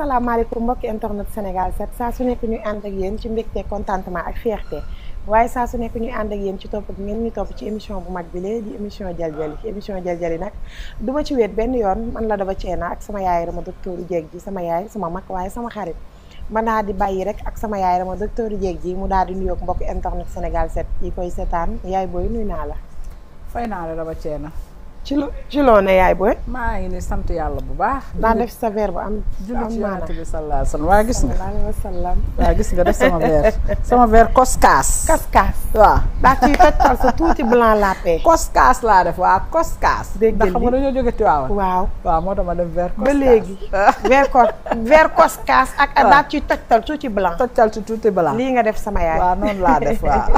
asalaamaaleykum mbokki internet Sénégal set saa su nekk ñuy ànd ak yéen ci mbégte contentement ak fierté waaye saa su nekk ñuy ànd ak yéen ci topp ngeen ñu topp ci émission bu mag bi lee di émission jaljali émission jaljali nag du ma ci wéet benn yoon man la daba ceena ak sama yaay Rama docteur Jeeg ji sama yaay sama mag waaye sama xarit mën naa di bàyyi rek ak sama yaay ma docteur Jeeg ji mu daal di nuyoog mbokki internet Sénégal set yi koy seetaan yaay booy nuyu naa la fay naa la daba ceena ci ci loo ne yaay booy. maa ngi ne sant yàlla bu baax. daa def sa verre bu am. julli ci yonent bi sallallahu alayhi wa sallam waa gis nga. waa gis nga def sama verre. sama verre koskaas. koskaas waaw. daa ciy tojtal sa tuuti blanc la paix. laa def waa koskaas. dégg nga ndax xam nga dañoo jóge waaw waaw moo tax ma def verre. koskaas ba léegi. verre ko verre koskaas ak. waaw daa ciy tojtal tuuti blanc. tojtal ci tuuti blanc. lii nga def sama yaay. waaw noonu laa def waaw.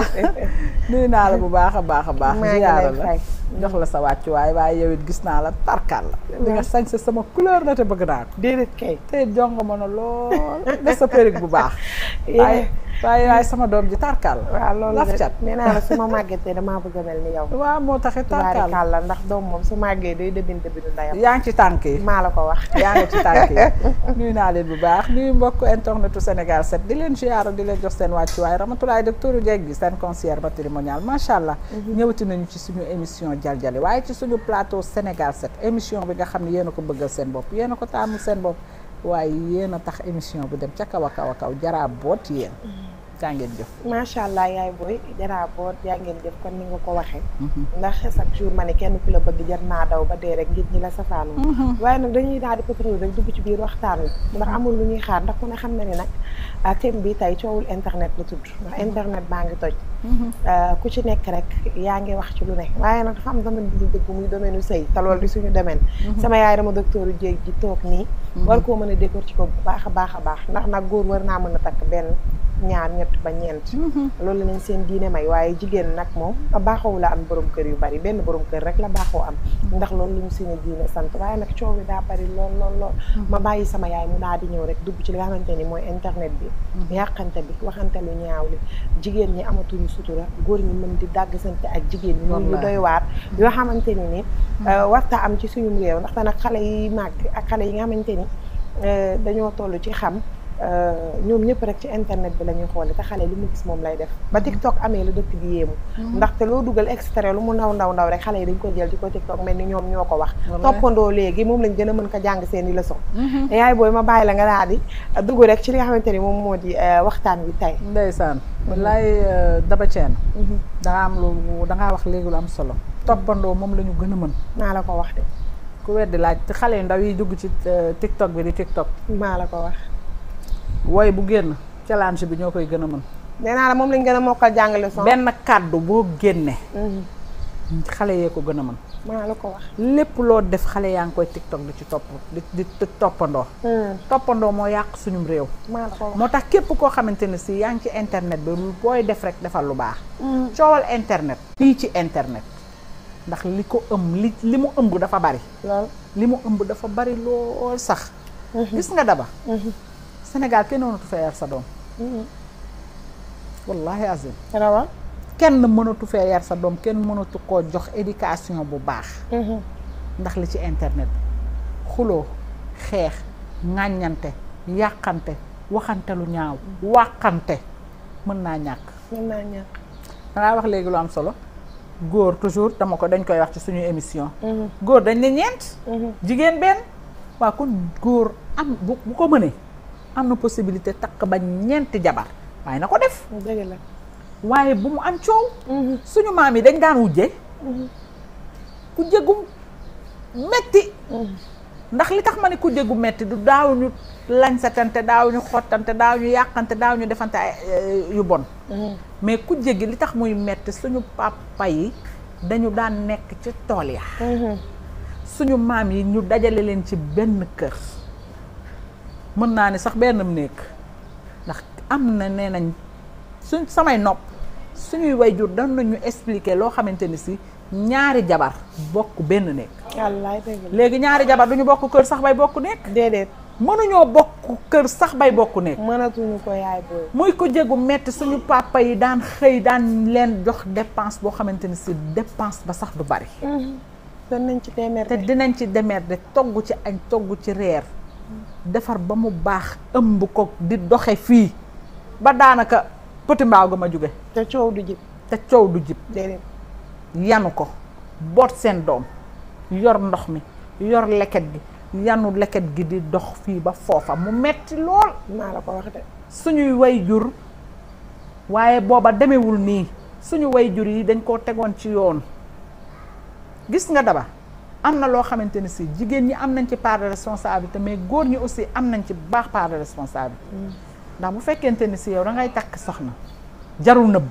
nuyu naa la bu baax a baax a baax. maa ngi lay fay jox la sa wàccuwaay waaye yow it gis naa la tarkal la li nga sañse sama couleur na te bëgg naa ko déedéet kay te jonga mën a lool def sa périg bu baax waaye waaye waaye sama doom ji tarkaal waaw loolu laf cat nee naa la su ma màggetee damaa bëgg a mel ni yow waaw moo taxit tarkaal la ndax doom moom su màggee day dëbin dëbinu ndayam yaa ngi ci tànk yi maa la ko wax yaa ngi ci tànk yi nuyu naa leen bu baax nuyu mbokk internetu Sénégal 7 di leen ziar di leen jox seen wàccuwaay Ramatulaay docteur Jeeg bi seen conseillère matrimonial macha allah mhm. ñëwati nañu ci suñu émission jaljale waaye ci suñu plateau Sénégal 7 émission bi nga xam ne yéen a ko bëggal seen bopp yéen ko taamul seen bopp waaye yéen a émission bu dem ca kaw a kaw a kaw jaraa boot yéen mhm. jaa ngeen macha allah yaay booy jaraa boo jaa ngeen jëf kon ni nga ko waxee mhm. ndax chaque jour ma ne kenn ku la bëgg jar naa daw ba dee rek ngir ñi la safaanu mhm. waaye nag dañuy daal di pétrole rek dugg ci biir waxtaan mhm. ndax amul lu ñuy xaar ku ne xam na ni nag ah, thème bi tey coowul internet la tudd ndax internet baa ngi toj ah, ku ci nekk rek yaa ngi wax ci lu ne waaye nag xam am domaine bi ñu dëgg muy domaine u sëy te loolu di suñu domaine sama yaay dama docteur u jéeg ji toog nii war koo mën a ci ko bu baax a baax a baax ndax nag góor war naa mën a takk benn ñaar ñett ba ñeent mhm. loolu nañ seen diine may waaye jigéen nag moom baaxoo la am boroom kër yu bari benn borom kër rek la baaxoo am mhm. ndax loolu lu ñu seen diine sant waaye nag coow bi daa bari lool lool mhm. ma bàyyi sama yaay mu daal di ñëw rek dugg ci li xamante ni mooy internet bi yàqante bi waxante lu ñaaw li jigéen ñi amatuñu sutura góor ñi mën di dàgg sant ak jigéen ñi moom lu doy waar yoo xamante ni ni euh, warta am ci suñu ndax te nag xale yi màgg ak xale yi nga xamante ni euh, dañoo toll ci xam Euh, ñoom ñëpp rek ci internet bi la ñuy xoole te xale li mu gis moom lay def ba mm-hmm. TikTok amee la dëkk di yéemu mm-hmm. ndaxte loo dugal extrait lu mu ndaw ndaw ndaw rek xale yi dañ ko jël di ko TikTok mel ni ñoom ñoo ko wax toppandoo léegi moom lañ gën a mën ko jàng seen i leçon mm-hmm. eh, yaay booy ma bàyyi la nga daal dugg rek ci li nga xamante ni moom moo di euh, waxtaan wi tey ndeysaan wallaay euh, daba ceen danga am lu dangaa wax léegi lu am solo toppandoo moom la ñu gën a mën naa la ko wax de ku weddi laaj xale yu ndaw yi dugg ci TikTok bi di TikTok maa la ko wax way bu génn challenge bi ñoo koy gën a mën nee moom lañ gën a mokkal jàngale son benn kàddu boo génne mm-hmm. xale yee ko gën a mën maa la ko lépp loo def xale yaa ngi koy tiktok di ci topp di di toppandoo mm. toppandoo moo yàq suñum réew maa moo tax képp koo xamante ne si yaa ngi ci internet bi booy def rek defal lu baax mm. coowal internet lii ci internet ndax li ko ëmb li li mu ëmb dafa bari li mu ëmb dafa bari lool sax mm-hmm. gis nga daba mm-hmm. Sénégal kenn mënatu fee yar sa doom. Mhm. wallaahi kenn mënatu fee yar sa doom kenn mënatu koo jox éducation bu baax. Mhm. ndax li ci internet xuloo xeex ŋàññante yàqante waxante lu ñaaw wàqante mën naa ñàkk. mën naa wax léegi lu am solo. góor toujours dama ko dañ koy wax ci suñu émission. Mhm. góor dañ ne ñeent. jigéen benn. waaw kon góor am bu bu ko mënee. am na possibilité takk ba ñeenti jabar waaye na ko def. dëgg waaye bu mu am coow. Mhm. suñu maam yi dañ daan wujje mhm. ku jéggu metti mhm. ndax li tax ma ne ku jéggu metti du daaw ñu lañsatante daaw ñu xottante daaw ñu yàqante daaw ñu defante ay eh, yu bon. mais ku jéggi li tax muy metti suñu papa yi dañu daan nekk ci tool ya. suñu maam yi ñu dajale leen ci benn kër. mën naa ne sax benn néeg ndax am na nee nañ suñ samay nopp suñuy wayjur dan ñu expliquer loo xamante ni si ñaari jabar bokk benn néeg léegi ñaari jabar duñu bokk kër sax bay bokk nekk déedéet mënuñoo bokk kër sax bay bokk nekk mënatuñu ko yaay booy muy ko jégu metti suñu papa yi daan xëy daan leen jox dépense boo xamante ni si dépense ba sax lu bari mhm. te dinañ ci démerde togg ci añ togg ci reer defar ba mu baax ëmb ko di doxe fii ba daanaka pëti mbaaw ga ma jóge te coow du jib te yanu ko boot seen doom yor ndox mi yor leket gi yanu leket gi di dox fii ba foofa mu metti lool maa la suñuy way jur waaye booba demewul nii suñu way jur yi dañ koo tegoon ci yoon gis nga daba am na loo xamante ne si jigéen ñi am nañ ci part de responsabilité mais góor ñi aussi am nañ ci baax part de mm. ndax bu fekkente ni si yow da ngay takk na jarul nëbb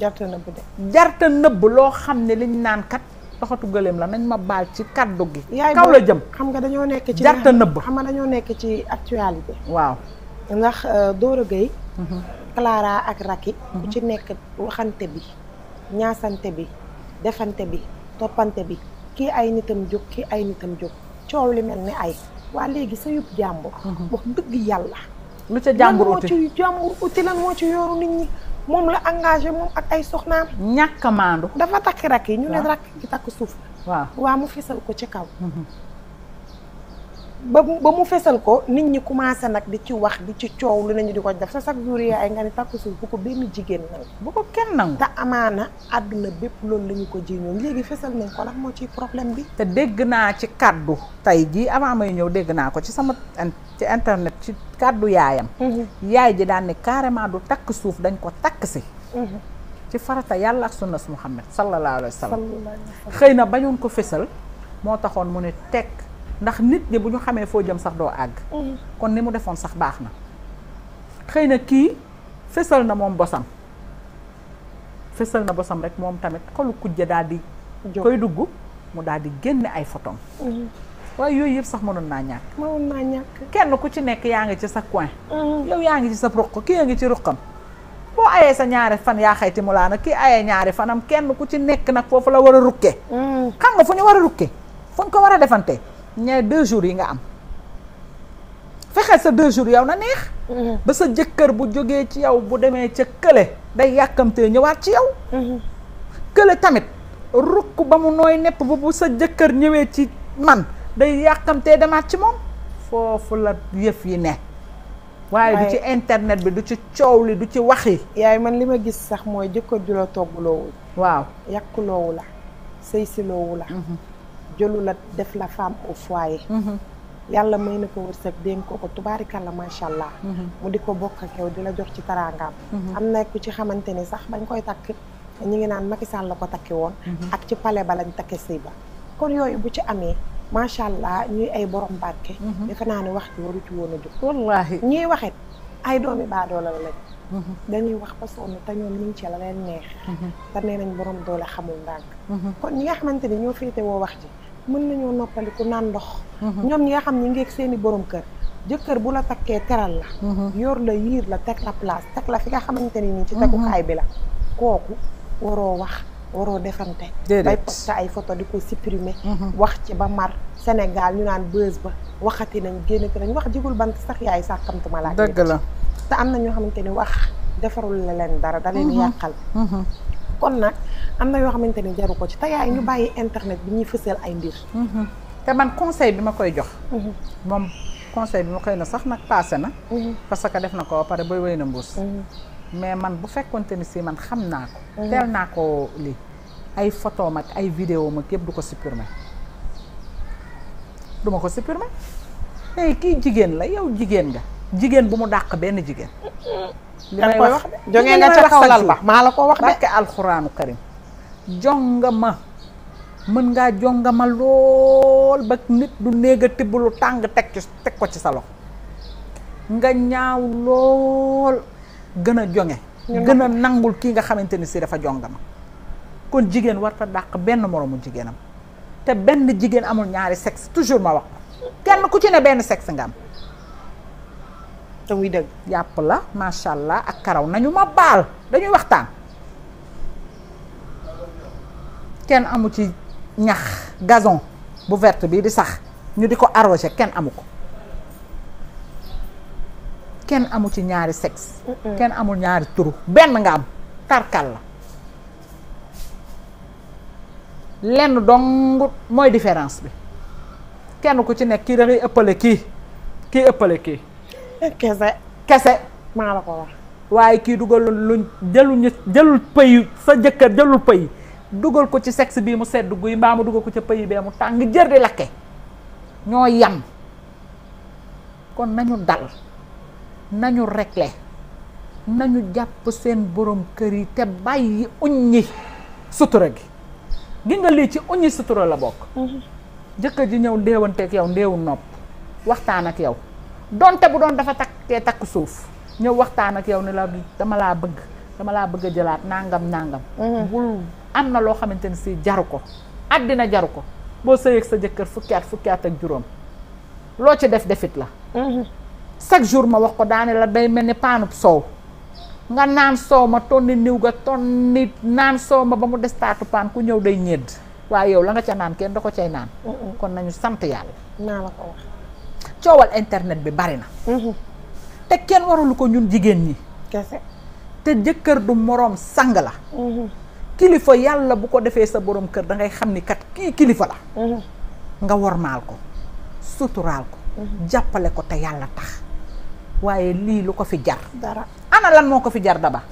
jarta nëbb de jarta nëbb loo xam ne liñ naan kat doxatu gëléem la nañ ma baal ci kaddu gi kaw la jëm xam nga dañoo nekk ci jarta nëbb xam nga dañoo nekk ci actualité waaw ndax euh, Doro Gueye mm-hmm. Clara ak Racky ku mm-hmm. ci nekk waxante bi ñaasante bi defante bi toppante bi kii ay nitam jóg kii ay nitam jóg coow li mel ni ay waa léegi sa yub jàmbur mhm. wax dëgg yàlla lu ca jàmbur moo ci jàmbur uti lan moo ci yooru nit ñi moom la engagé moom ak ay soxnaam ñàkk maandu dafa takk rakk yi ñu ne rakk yi takk suuf waaw waa mu fisal ko ci kaw mhm. ba ba mu fesal ko nit ñi commencé nag di ci wax di ci coow lu nañu di ko def sa sax jur ay nga ne takku suuf bu ko benn jigéen nangu. bu ko kenn nangu. te amaana àdduna bépp loolu la ñu ko jiñoon léegi fesal nañ ko lan moo ciy problème bi. te dégg naa ci kàddu tey jii avant may ñëw dégg naa ko ci sama ci internet ci kàddu yaayam. Mhm. yaay ji daan ne carrément du takk suuf dañ ko takk si. Mhm. ci farata yàlla ak sunna su Muhammad sallallahu alayhi wa xëy na bañoon ko fesal moo taxoon mu ne tekk. ndax nit ñi bu ñu xamee foo jëm sax doo àgg. Mm. kon ni mu defoon sax baax na. xëy na kii fësal na moom bosam fésal na bosam rek moom tamit xolu kujje daal di. koy dugg mu daal di génne ay photom mm. waaye yooyu yëpp sax mënoon naa ñàkk. mënoon kenn ku ci nekk yaa ngi ci sa coin. Mm. yow yaa ngi ci sa ruq kii yaa ngi ci ruqam. boo ayee sa ñaari fan yaa xayti mu laa nag kii ayee ñaari fanam kenn ku ci nekk nag foofu la war a rukkee. xam nga fu ñu war a rukkee fu ñu ko war a defantee. ñaar deux jours yi nga am fexeel sa deux jours yow na neex. Mm-hmm. ba sa jëkkër bu jógee ci yow bu demee ca kële day yàkkamtee ñëwaat ci yow. Mm-hmm. kële tamit rukk ba mu nooy nepp ba bu sa jëkkër ñëwee ci man day yàkkamtee demaat ci moom foofu la yëf yi ne. waaye du ci internet bi du ci coow li du ci wax yaay man li ma gis sax mooy jëkkër ju la togg loowu. waaw yàq loowu la sëy si loowu la. Mm-hmm. jëlu la def la femme au foyer. Mhm. yàlla may na ko wërsëg dénk ko ko tubaarikàlla macha allah. Mhm. mu di ko bokk ak di la jox ci taraangaam. Mhm. am na ku ci xamante ni sax bañ koy takk ñu ngi naan Macky Sall la ko takki woon. ak ci pale ba lañ takke sëy ba. kon yooyu bu ci amee macha allah ñuy ay borom barke. defe naa ne wax ji waru ci woon a jóg. wallaahi ñuy waxit ay doomi baadoola lañ. dañuy wax ba sonn te ñoom ñu ngi ci la leen neex. Mhm. te nee nañ borom doole xamul ndànk. Mhm. kon ñi nga xamante ni ñoo féete woo wax ji mën nañoo noppaliku naan ndox. Mhm. ñoom ñi nga xam ñi ngeeg seen i borom kër. jëkkër bu la takkee teral la. yor la yiir la teg la place teg la fi nga xamante ni nii ci tegukaay bi la. kooku waroo wax waroo defante. bay posta ay photo di ko supprimer. wax ci ba mar Sénégal ñu naan bës ba waxati nañ génn ñu wax jigul bant sax yaay sàkkamtuma laaj. dëgg la. te am na ñoo xamante ni wax defarul la leen dara da leen mhm. yàqal mhm. kon nag am na yoo xamante ni jaru ko ci te yaay ñu bàyyi internet bi ñuy fëseel ay mbir mhm. te man conseil bi ma koy jox moom conseil bi ma koy na sax nag passé na parce que def na ko ba pare booy wéy na mbuus mais man bu fekkonte ni si man xam naa ko teel naa ko lii ay photo mag ay vidéo mag yëpp du ko supprimer duma ko supprimer tey eh, kii jigéen la yow jigéen nga jigéen bu mu dàq benn jigéen. li may wax jóge nga ca kaw lal ba maa la ko wax de. barke alxuraanu karim jonga ma mën ngaa jonga ma lool ba nit du néeg a tibb lu tàng teg ci teg ko ci sa loxo nga ñaaw lool gën a jonge gën a nangul kii nga xamante ni si dafa jonga ma kon jigéen war ta dàq benn moroomu jigéenam te benn jigéen amul ñaari sexe toujours ma wax ko kenn ku ci ne benn sexe nga am te muy dëgg yàpp la macha allah ak karaw nañu ma baal dañuy waxtaan kenn amu ci ñax gazon bu verte bii di sax ñu di ko arrosé kenn amu ko kenn amu ci ñaari sexe kenn amul ñaari turu benn nga am tarkal la lenn dong mooy différence bi kenn ku ci nekk kii da ngay ëppale kii kii ëppale kii kese kese maa waaye kii dugal luñ jëlul ñu jëlul pëy sa jëkkër jëlul pëy dugal ko ci sex bii mu sedd guy mbaa mu dugal ko ca pëy bee mu tàng jër di lakke ñoo yam kon nañu dal nañu réglé nañu jàpp seen borom kër yi te bàyyi uññi sutura gi gi nga lii ci uññi sutura la bokk mhm. jëkkër ji ñëw ndéewanteeg yow ndéewu nopp waxtaan ak yow donte bu doon dafa takkee takk suuf ñëw waxtaan ak yow ne la dama laa bëgg dama laa bëgg a jëlaat nangam nangam. Mhm. bul am na loo xamante ni si jaru ko. àddina jaru ko boo sëyeeg sa jëkkër fukki at ak juróom loo ci def defit la. Mhm. chaque jour ma wax ko daane la day mel ni paanub soow. nga naan soow ma tonni niw ga tonni naan soow ma ba mu des taatu paan ku ñëw day ñedd waaye yow la nga ca naan kenn da ko cay naan. Mhm. kon nañu sant yàlla. naa la ko wax. coowal internet bi bari na. Mhm. te kenn warulu ko ñun jigéen ñi. kese te jëkkër du moroom sang la. Mhm. kilifa yàlla bu ko defee sa boroom kër da ngay xam ni kat kii kilifa la. Mhm. nga wormaal ko suturaal ko. jàppale ko te yàlla tax. waaye lii lu ko fi jar. dara moo ko fi jar daba.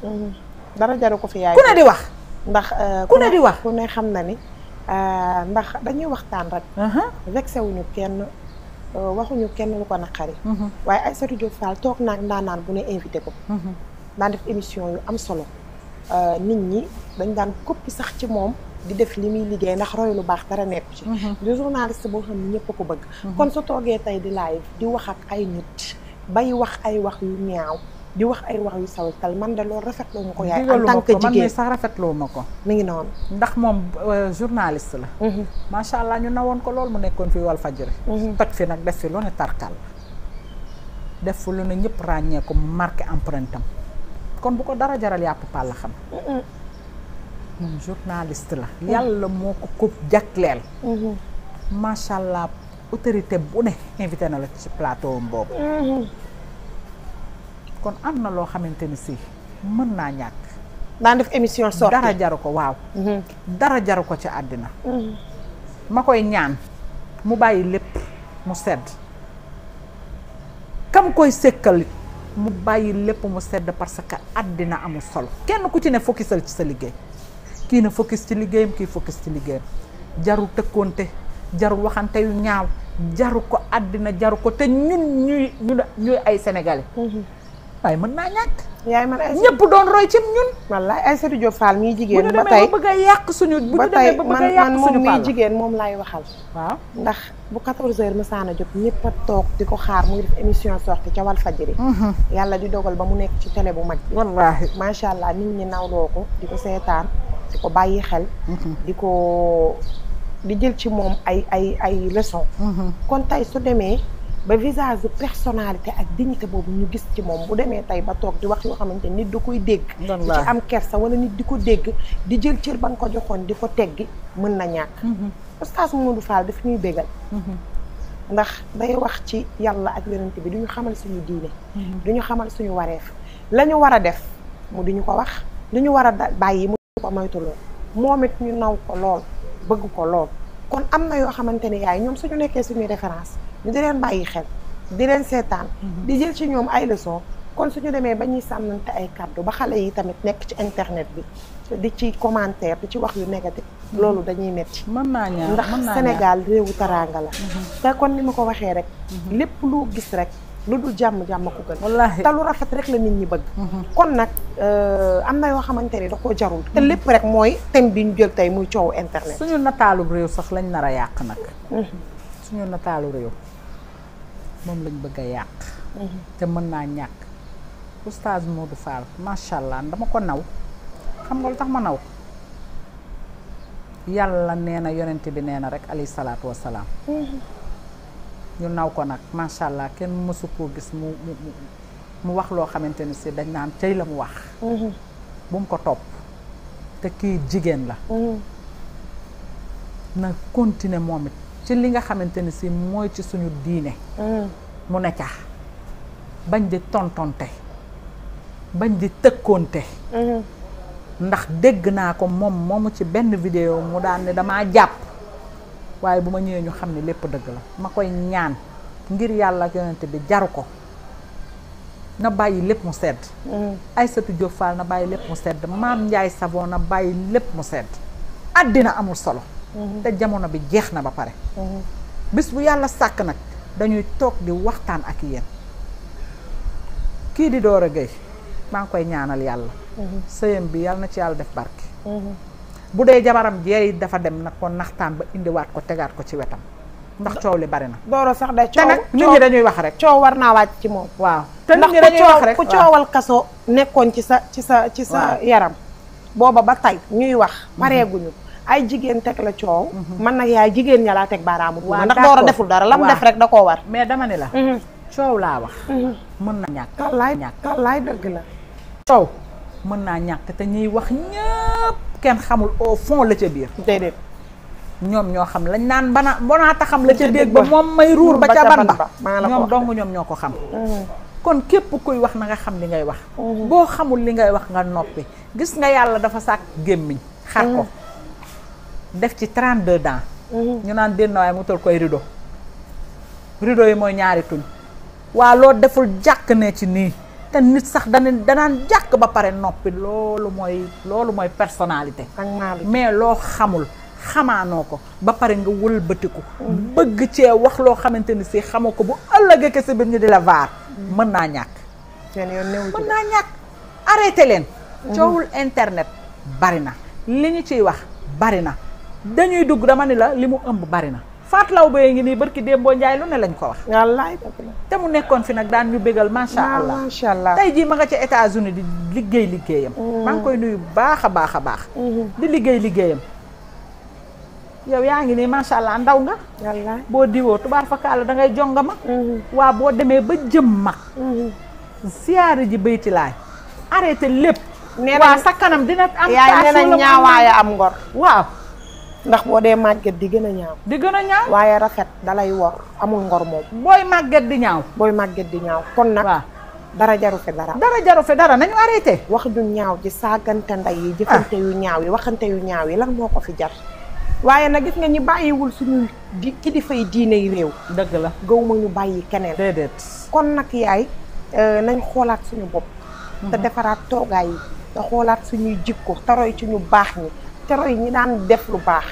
ko fi ku ne di wax. ndax euh, ku ne di wax ku ne xam na ni. Euh, ndax dañuy waxtaan rek. Uh-huh. vexewuñu kenn. Euh, waxuñu kenn lu ko naqari. Mhm. waaye ay Aïssatou Diop Fall toog naa naag ndaanaan bu ne invité ko. Mhm. daan def émission yu am solo. Euh, nit ñi dañ daan koppi sax ci moom di def li muy liggéey ndax roy lu baax dara nekk ci. Mhm. du journaliste boo xam ne ñëpp a ko bëgg. kon su toogee tey di live di wax ak ay nit bay wax ay wax yu ñaaw. di wax ay wax yu sawtal man de loolu rafetloo ma ko yaay en tant que jigéen sax rafetloo ma ko mi ngi noonu ndax moom euh, journaliste la mhm. macha allah ñu nawoon ko loolu mu nekkoon fi Walfadjri mhm. toj fi nag def fi lu ne tarkal def fi lu ne ñëpp ràññee ko marqué empreinte am kon bu ko dara jaral yàpp pàlla xam mhm. moom journaliste la yàlla moo ko ko jagleel macha allah autorité bu ne invité na la ci plateau boobu kon am na loo xamante ni si mën naa ñàkk. daan def émission sortie dara jaru ko waaw. Mm-hmm. dara jaru ko ci àddina. Mm-hmm. ma koy ñaan mu bàyyi lépp mu sedd. kam koy sëkkalit mu bàyyi lépp mu sedd parce que àddina amul solo. kenn ku ci ne focusal ci sa liggéey kii na focus ci liggéeyam kii focus ci liggéeyam jaru tëkkoonte jaru waxante yu ñaaw jaru ko àddina jaru ko te ñun ñuy ñuy ay sénégalais. Mm-hmm. waaye mën naa ñàkk. yaay man ay ñëpp doon roy ci ñun. wallaay Aïssatou Diop Fall miy jigéen. ba tey bu ñu demee ba bëgg a yàq suñu. man man jigéen moom laay waxal. waaw ndax bu 14h Masana ñëpp toog di ko xaar muy émission sortie ca Walfadjri. Mhm. yàlla di dogal ba mu nekk ci télé bu mag. wallaahi macha allah nit ñi nawloo ko di ko seetaan di ko bàyyi xel. Mhm. di ko di jël ci moom ay ay ay leçon. Mhm. kon tey su demee. ba visage personnalité ak dignité boobu ñu gis ci moom bu demee tey ba toog di wax yoo xamante nit du koy dégg di am kersa wala nit di ko dégg di jël cër ba nga ko joxoon di ko teggi mën na ñàkk mhm. oustaz Modou Fall daf ñuy bégal mhm. ndax day wax ci yàlla ak yonent bi du ñu xamal suñu diine mhm. du ñu xamal suñu wareef la ñu war a def mu di ñu ko wax lu ñu war a bàyyi mu ko moytuloo moom it ñu naw ko lool bëgg ko lool kon am na yoo xamante ne yaay ñoom suñu nekkee suñuy référence ñu di leen bàyyi xel di leen seetaan mhm. di jël ci ñoom ay leçon kon suñu demee ba ñuy sàmmante ay kàddu ba xale yi tamit nekk ci internet bi di ci commentaire di ci wax yu négatif mhm. loolu dañuy metti mën naa ñaar ndax Sénégal réewu taraanga la mhm. te kon ni ma ko waxee rek lépp lu gis rek lu dul jàmm jàmm ko gën wallaahi te lu rafet rek la nit ñi bëgg kon nag euh, am na yoo xamante ni da koo jarul te lépp rek mooy thème bi ñu jël tey muy coow internet suñu nataalu réew sax lañ nar a yàq nag suñu réew moom lañ bëgg a yàq mhm. te mën naa ñàkk oustaz Modou Fall macha allah dama ko naw xam nga lu tax ma naw yàlla nee na yonent bi nee na rek alayhi salaatu wasalaam mhm. ñu naw ko nag macha allah kenn mësu koo gis mu mu mu wax loo xamante ni si dañ naan tey la mu wax mhm. bu mu ko topp te kii jigéen la na continuer moom it ci li nga xamante ni si mooy ci suñu diine mm. mu ne ca bañ di tontonte bañ di tëkkoonte mm-hmm. ndax dégg naa ko moom moomu ci benn vidéo mu daan ne dama jàpp waaye bu ma ñëwee ñu xam ne lépp dëgg la ma koy ñaan ngir yàlla ak yonent bi jaru ko na bàyyi lépp mu sedd mm-hmm. Aïssatou Diop Fall na bàyyi lépp mu sedd Maam Njaay Savon na bàyyi lépp mu sedd àddina amul solo te jamono bi jeex na ba pare. bis bu yàlla sàkk nag dañuy toog di waxtaan ak yéen. kii di Dora Gueye maa ngi koy ñaanal yàlla. sëyam bi yàlla na ci yàlla def barke. bu dee jabaram jeey dafa dem nag ko naxtaan ba indiwaat ko tegaat ko ci wetam. ndax coow li bari na. Dora sax day coow te dañuy wax rek. coow war naa wàcc ci moom. waaw te nit ñi dañuy wax rek ku coowal kaso nekkoon ci sa ci sa ci sa yaram. booba ba tey ñuy wax mhm. pareeguñu. ay jigéen teg la coow. Mhm. man nag yaay jigéen ña laa teg baaraamu. waaw ndax door a deful dara lam def rek da koo war. mais dama ne la. Mhm. coow laa wax. Mhm. mën na ñàkk wallaay wallaay dëgg la. coow mën naa ñàkk te ñuy wax ñëpp kenn xamul au fond la ca biir. déedéet. ñoom ñoo xam lañ naan bana bonaata xam la ca déeg ba moom may ruur ba ca ban ba ñoom dong ñoom ñoo ko xam kon képp kuy wax na nga xam li ngay wax boo xamul li ngay wax nga noppi gis nga yàlla dafa sàkk gémmiñ xar ko def ci 32 dents. Mhm. ñu naan benn waaye mu tol koy rido rido yi mooy ñaari tuñ. waa loo deful jàkk ne ci nii. te nit sax dana danaan jàkk ba pare noppi loolu mooy loolu mooy personnalité. mais loo xamul xamaanoo ko ba pare nga wëlbatiku. Mhm. bëgg cee wax loo xamante ni si xamoo ko bu ëllëgee kese bi ñu di la vaar. Mhm. mën naa ñàkk. mën naa ñàkk arrêté leen. coowul internet bari na li ñu ciy wax bari na. dañuy dugg dama ni la li mu ëmb bari na Fatou Laobé ngi nii barki Dembo Ndiaye lu ne lañ ko wax. wallaay te mu nekkoon fi nag daan ñu bégal macha allah macha allah tey jii ma nga ca États-Unis di liggéey liggéeyam. Mm. maa ngi koy nuyu baax a baax a baax. Mm-hmm. di liggéey liggéeyam. yow yaa ngi nii macha allah ndaw nga. boo diwoo tubaar fakkaala da ngay jonga ma. Mm-hmm. waa boo demee ba jëm ma. siyaare mm-hmm. ji bayti laay. arrêté lépp. nee waa sa kanam dina am. saa su la yaay nee na ñaawaaya am waaw. ndax boo dee màgget di gën a ñaaw. di gën a ñaaw waaye rafet dalay wor amul ngor moom. booy màgget di ñaaw. booy màgget di ñaaw kon nag. dara jaru fi dara. jaru fi dara nañu wax ju ñaaw ji saagante ndey yi. jëfante ah. yu ñaaw yi waxante yu ñaaw yi lan moo ko fi jar. waaye nag gis nga ñi bàyyiwul suñu di kilifay diine yi réew. dëgg la gaw ñu bàyyi keneen. déedéet kon nag yaay euh, nañ xoolaat suñu bopp. te mhm. defaraat toogaay yi te xoolaat suñuy jikko te roy ci ñu baax ñi. te roy ñi daan def lu baax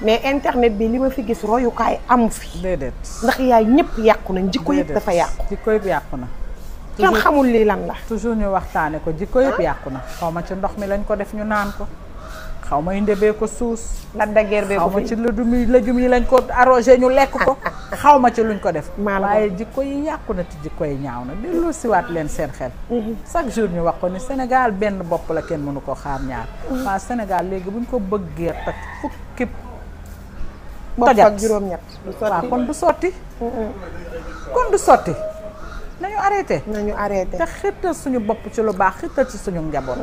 mais internet bi li ma fi gis royukaay amu fi. déedéet ndax yaay ñëpp yàqu nañ jikko yëpp dafa yàqu. jikko yëpp yàqu na. kenn xamul lii lan la. toujours ñu waxtaane ko jikko yëpp yàqu na. xaw ma ci ndox mi lañ ko def ñu naan ko. xaw ma inde bee ko suus. la daggeer bee ko xaw ma ci lëjum yi yi lañ ko arrosé ñu lekk ko. xaw ma ci luñ ko def. waaye jikko yi yàqu na te jikko yi ñaaw na dellu siwaat leen seen xel. Mhm. chaque jour ñu wax ko ni Sénégal benn bopp la kenn mënu ko xaar ñaar. Mhm. waa Sénégal léegi buñ ko bëggee tak fukki. tojat bopp ak juróom-ñett. waaw kon du sotti. Mhm. kon du sotti. nañu arrêté. nañu arrêté te xirtal suñu bopp ci lu baax xirtal ci suñu njaboot.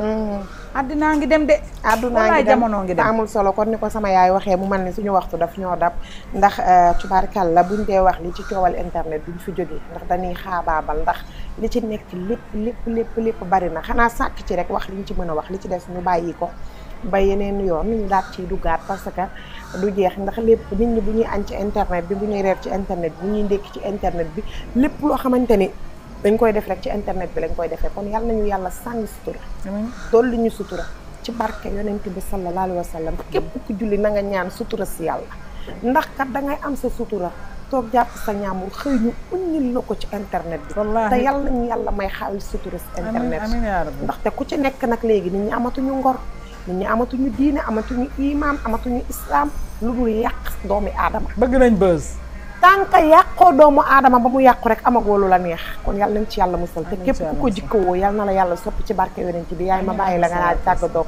addinaa mm-hmm. ngi dem de. addunaa ngi dem jamono ngi dem amul solo kon ni ko sama yaay waxee mu mel ni suñu waxtu daf ñoo dab ndax kal euh, tubaarkàlla buñ dee wax li ci coowal internet duñ fi jógee ndax dañuy xaabaabal ndax li ci nekk lépp lépp lépp bari na xanaa sàkk ci rek wax li ñu ci mën a wax li ci des ñu bàyyi ko. ba yeneen yoon ñu daat ci duggaat parce que du jeex ndax lépp nit ñi bu ñuy añ ci internet bi bu ñuy reer ci internet bi bu ñuy ndékki ci internet bi lépp loo xamante ni dañ koy def rek ci internet bi lañ koy defee kon yàlla nañu yàlla sànni sutura dolli ñu sutura ci barke yonent bi sallallahu alayhi wa sallam képp ku julli na nga ñaan sutura si yàlla ndax kat da ngay am sa sutura toog jàpp sa ñaamul xëy ñu uññil la ko ci internet bi te yàlla nañu yàlla may xaalis sutura si internet ndaxte ku ci nekk nag léegi nit ñu amatuñu ngor nit ñi amatuñu diine amatuñu imaam amatuñu islaam lu dul yàq doomi aadama bëgg nañ bës tànk yàqoo doomu aadama ba mu yàqu rek amagoo lu la neex kon yàlla nañ ci yàlla musal te képp ku ko jikkowoo yàlla na la yàlla soppi ci barke yonent bi yaay ma bàyyi la nga naa tàggatoo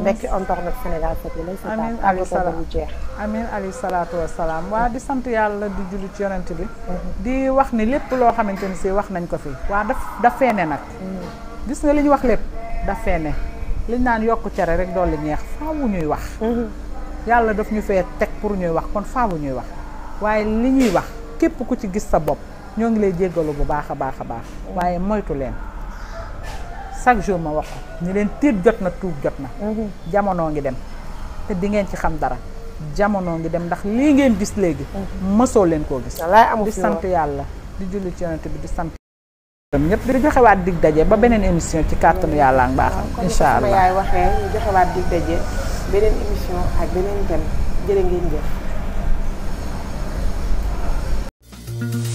mbekki ontornag Sénégal fat yi lay seetaan bu jeex amin alayhi salaatu wasalaam mm-hmm. waa di sant yàlla di julli ci yonent bi mm-hmm. di wax ni lépp loo xamante ni si wax nañ ko fii waa daf daf feene nag mm-hmm. gis li ñu wax lépp daf liñ naan yokk cere rek dool li ñeex faawu ñuy wax yàlla daf ñu fee teg pour ñuy wax kon faawu ñuy wax waaye li ñuy wax képp ku ci gis sa bopp ñoo ngi lay jéggalu bu baax a baax a baax mm. waaye moytu leen chaque jour ma wax ko ni leen tiit jot na tuub jot na mm-hmm. jamono ngi dem te di ngeen ci xam dara jamono ngi dem ndax lii ngeen gis léegi mësoo mm-hmm. leen koo gis di sant yàlla di julli ci yonent bi di sant ñëpp di joxewaat digg daje ba beneen émission ci kàttanu yàlla ak baaxam mm-hmm. incha allah yaay waxee ñu joxewaat Thank you.